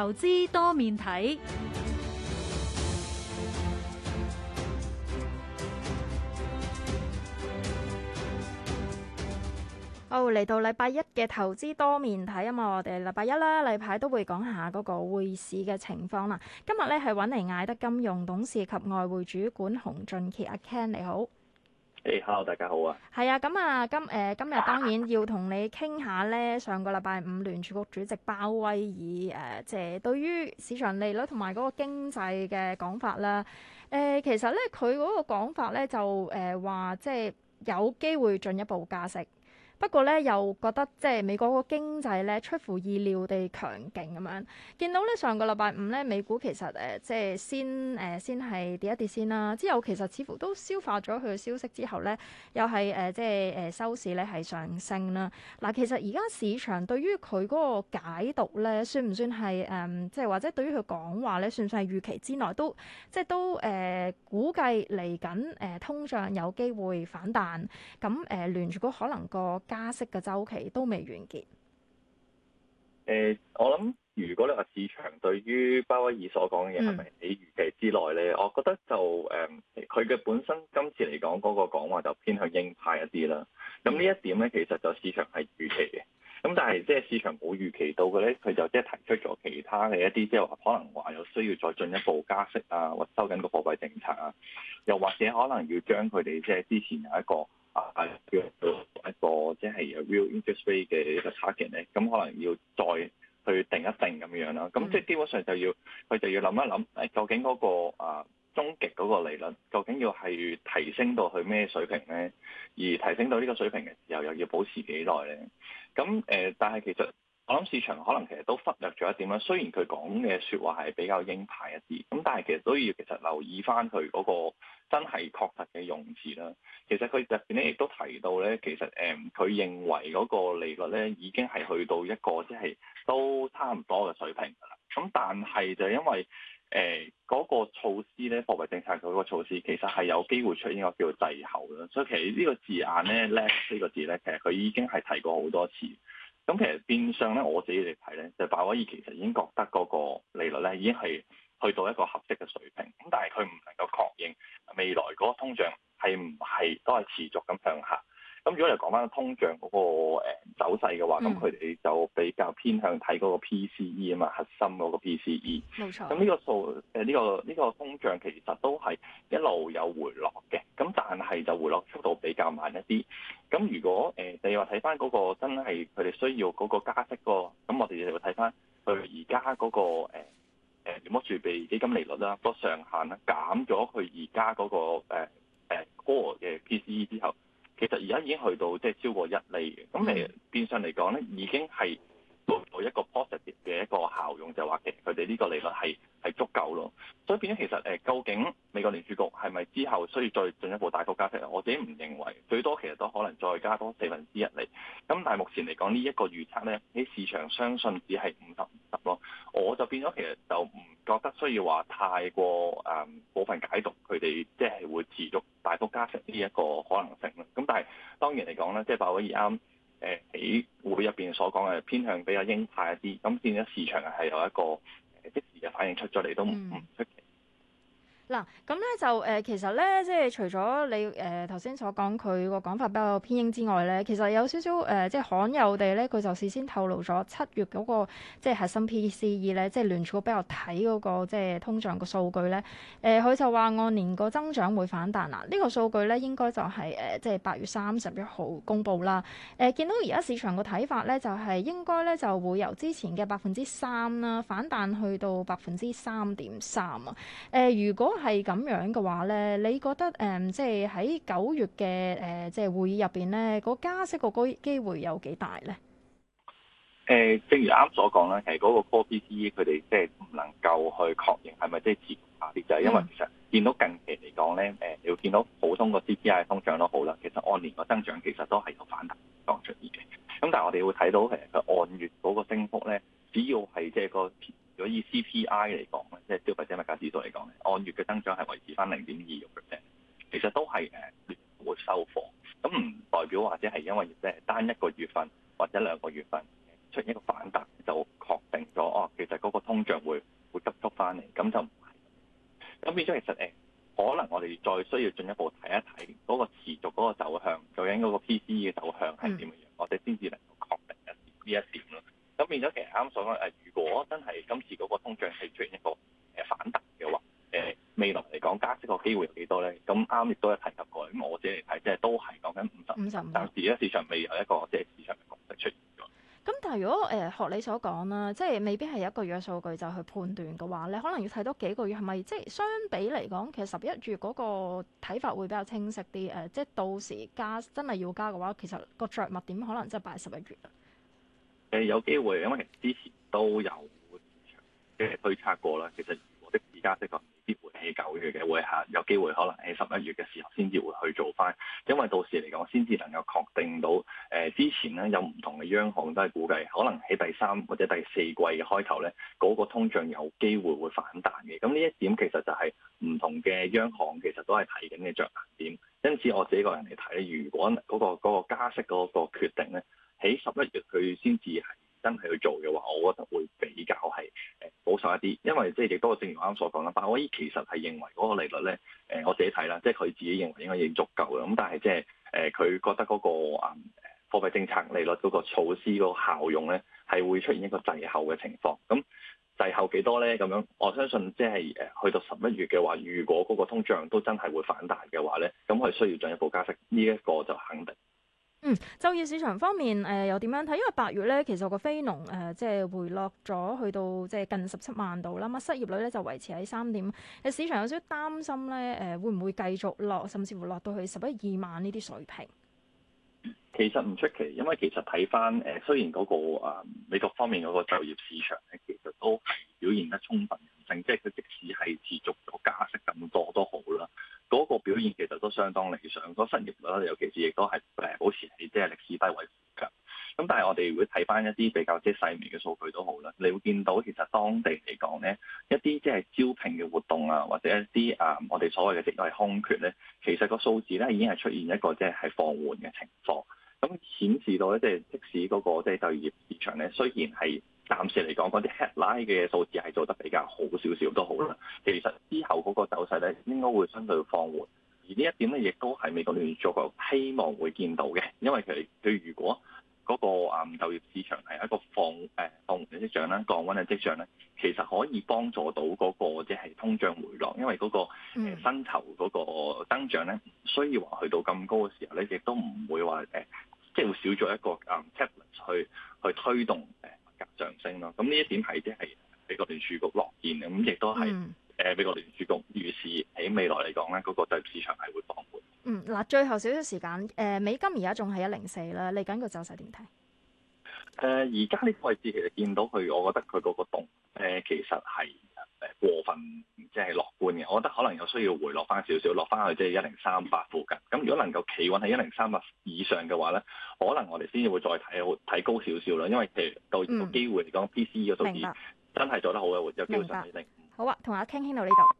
哦、投資多面睇，哦，嚟到禮拜一嘅投資多面睇啊嘛，我哋禮拜一啦，例牌都會講下嗰個匯市嘅情況啦。今日咧係揾嚟，艾德金融董事及外匯主管熊俊傑阿 Ken，你好。誒，hey, hello，大家好啊！係啊，咁啊，今誒今日當然要同你傾下咧，上個禮拜五聯儲局主席鮑威爾誒，即係對於市場利率同埋嗰個經濟嘅講法啦。誒、呃，其實咧佢嗰個講法咧就誒話，即係有機會進一步加息。不過咧，又覺得即係美國個經濟咧出乎意料地強勁咁樣，見到咧上個禮拜五咧美股其實誒即係先誒、呃、先係跌一跌先啦，之後其實似乎都消化咗佢嘅消息之後咧，又係誒、呃、即係誒收市咧係上升啦。嗱、呃，其實而家市場對於佢嗰個解讀咧，算唔算係誒即係或者對於佢講話咧，算唔算係預期之內都即係都誒、呃、估計嚟緊誒通脹有機會反彈，咁誒聯儲局可能個加息嘅周期都未完結。誒、呃，我諗如果你話市場對於鮑威爾所講嘅嘢係咪喺預期之內咧，我覺得就誒佢嘅本身今次嚟講嗰個講話就偏向鷹派一啲啦。咁呢一點咧，其實就市場係預期嘅。咁但係即係市場冇預期到嘅咧，佢就即係提出咗其他嘅一啲，即係話可能話有需要再進一步加息啊，或收緊個貨幣政策啊，又或者可能要將佢哋即係之前有一個。啊，要到一個即係 real interest rate 嘅一個 target 咧，咁可能要再去定一定咁樣啦。咁即係基本上就要佢就要諗一諗，誒究竟嗰、嗰個啊終極嗰個利率，究竟要係提升到去咩水平咧？而提升到呢個水平嘅時候，又要保持幾耐咧？咁誒、呃，但係其實。我諗市場可能其實都忽略咗一點啦，雖然佢講嘅説話係比較鷹派一啲，咁但係其實都要其實留意翻佢嗰個真係確實嘅用詞啦。其實佢入邊咧亦都提到咧，其實誒佢、呃、認為嗰個利率咧已經係去到一個即係、就是、都差唔多嘅水平啦。咁但係就因為誒嗰、呃那個措施咧，貨幣政策嗰個措施其實係有機會出現一個叫滯後啦。所以其實呢個字眼咧叻呢、呢個字咧，其實佢已經係提過好多次。咁其實變相咧，我自己嚟睇咧，就鮑威爾其實已經覺得嗰個利率咧已經係去到一個合適嘅水平。咁但係佢唔能夠確認未來嗰個通脹係唔係都係持續咁向下。咁如果你講翻通脹嗰個走勢嘅話，咁佢哋就比較偏向睇嗰個 PCE 啊嘛，核心嗰個 PCE。冇錯。咁呢個數誒呢、呃呢個呢、呢個通脹其實都係一路有回落嘅，咁但係就回落速度比較慢一啲。咁如果誒、呃，你話睇翻嗰個真係佢哋需要嗰個加息、那個，咁我哋就會睇翻佢而家嗰個誒誒聯邦儲備基金利率啦，個、那個、上限啦，減咗佢而家嗰個誒誒、呃、core 嘅、呃、PCE 之後，其實而家已經去到即係、就是、超過一釐，咁嚟變相嚟講咧，已經係。一個 positive 嘅一個效用就話其實，佢哋呢個利率係係足夠咯，所以變咗其實誒，究竟美國聯儲局係咪之後需要再進一步大幅加息啊？我自己唔認為，最多其實都可能再加多四分之一釐。咁但係目前嚟講，呢一個預測咧，喺市場相信只係五十五十咯。我就變咗其實就唔覺得需要話太過誒、嗯、部分解讀佢哋即係會持續大幅加息呢一個可能性啦。咁但係當然嚟講咧，即係鮑威爾啱，誒喺會入邊所講嘅偏向比較鷹派一啲，咁變咗市場係有一個即時嘅反應出咗嚟，都唔出奇。嗯嗱，咁咧就誒、呃，其實咧即係除咗你誒頭先所講佢個講法比較偏鷹之外咧，其實有少少誒、呃、即係罕有地咧，佢就事先透露咗七月嗰、那個即係核心 PCE 咧，即係聯儲局比較睇嗰、那個即係通脹個數據咧，誒、呃、佢就話按年個增長會反彈啦。呢、這個數據咧應該就係、是、誒、呃、即係八月三十一號公布啦。誒、呃、見到而家市場個睇法咧，就係、是、應該咧就會由之前嘅百分之三啦，反彈去到百分之三點三啊。誒、呃、如果係咁樣嘅話咧，你覺得誒，即係喺九月嘅誒，即係會議入邊咧，個加息個個機會有幾大咧？誒、呃，正如啱所講啦，係嗰個 CPI 佢哋即係唔能夠去確認係咪即係持續下跌，是是就係、嗯、因為其實見到近期嚟講咧，誒，你會見到普通個 CPI 通脹都好啦，其實按年個增長其實都係有反彈當出意嘅。咁但係我哋會睇到誒。即係消費者物價指數嚟講，按月嘅增長係維持翻零點二個 percent。其實都係誒緩收貨。咁唔代表或者係因為誒單一個月份或者兩個月份出現一個反彈，就確定咗哦，其實嗰個通脹會會急速翻嚟，咁就唔係。咁變咗其實誒、欸，可能我哋再需要進一步睇一睇嗰個持續嗰個走向，究竟嗰個 PCE 嘅走向係點樣，嗯、我哋先至能夠確定呢呢一點咯。咁變咗其實啱講誒，如果真係今次嗰個通脹係出現一個誒反彈嘅話，誒未來嚟講加息個機會有幾多咧？咁啱亦都有提及過。咁我自己嚟睇，即係都係講緊五十，五，但係而家市場未有一個即係市場嘅共識出現咗。咁但係如果誒學、呃、你所講啦，即係未必係一個月嘅數據就去判斷嘅話，你可能要睇多幾個月係咪？即係相比嚟講，其實十一月嗰個睇法會比較清晰啲。誒，即係到時加真係要加嘅話，其實個着墨點可能即係擺十一月啦。誒、呃，有機會，因為之前都有。即係推測過啦，其實我的而家，息個未必會喺九月嘅，會喺有機會可能喺十一月嘅時候先至會去做返，因為到時嚟講先至能夠確定到誒、呃、之前咧有唔同嘅央行都係估計，可能喺第三或者第四季開頭咧嗰個通脹有機會會反彈嘅。咁呢一點其實就係唔同嘅央行其實都係睇緊嘅着眼點。因此我自己個人嚟睇，如果嗰個嗰個加息嗰個決定咧喺十一月佢先至係。真係去做嘅話，我覺得會比較係誒保守一啲，因為即係亦都正如我啱所講啦。鮑威其實係認為嗰個利率咧，誒我自己睇啦，即係佢自己認為應該已經足夠啦。咁但係即係誒佢覺得嗰個啊貨幣政策利率嗰、嗰個措施嗰個效用咧，係會出現一個滯後嘅情況。咁滯後幾多咧？咁樣我相信即係誒去到十一月嘅話，如果嗰個通脹都真係會反彈嘅話咧，咁佢需要進一步加息，呢、呢、一個就肯定。嗯，就業市場方面，誒、呃、又點樣睇？因為八月咧，其實個非農誒即係回落咗去到即係近十七萬度啦，嘛失業率咧就維持喺三點。誒，市場有少少擔心咧，誒、呃、會唔會繼續落，甚至乎落到去十一二萬呢啲水平？其實唔出奇，因為其實睇返誒，雖然嗰、那個啊、呃、美國方面嗰個就業市場咧，其實都表現得充分韌性，即係佢即使係持續咗加息咁多都好啦。嗰個表現其實都相當理想，嗰、那個、失業率咧，尤其是亦都係誒保持喺即係歷史低位嘅。咁但係我哋如果睇翻一啲比較即係細微嘅數據都好啦，你會見到其實當地嚟講咧，一啲即係招聘嘅活動啊，或者一啲誒我哋所謂嘅職位空缺咧，其實個數字咧已經係出現一個即係係放緩嘅情況，咁顯示到咧即係即使嗰個即係就業市場咧雖然係。暫時嚟講，嗰啲 headline 嘅數字係做得比較好少少都好啦。嗯、其實之後嗰個走勢咧，應該會相對放緩。而呢一點咧，亦都係美國聯儲局希望會見到嘅，因為佢佢如果嗰、嗰個啊，唔、嗯、就業市場係一個放誒、呃、放緩的跡象咧，降溫嘅跡象咧，其實可以幫助到嗰、嗰個即係通脹回落，因為嗰、嗰個薪、嗯呃、酬嗰個增長咧，唔需要話去到咁高嘅時候咧，亦都唔會話誒，即、呃、係、就是、會少咗一個啊 table 去去推動誒。呃上升咯，咁呢一點係即係美國聯儲局樂見嘅，咁亦都係誒美國聯儲局預示喺未來嚟講咧，嗰個就業市場係會放緩。嗯，嗱，最後少少時間，誒、呃、美金而家仲係一零四啦，嚟緊個走勢點睇？誒、呃，而家呢個位置其實見到佢，我覺得佢嗰個洞誒、呃，其實係。得可能有需要回落翻少少，落翻去即係一零三八附近。咁如果能夠企穩喺一零三八以上嘅話咧，可能我哋先至會再睇好睇高少少啦。因為其實到呢個機會嚟講，PCE 個數字真係做得好嘅，有機會上去定好啊，同阿傾傾到呢度。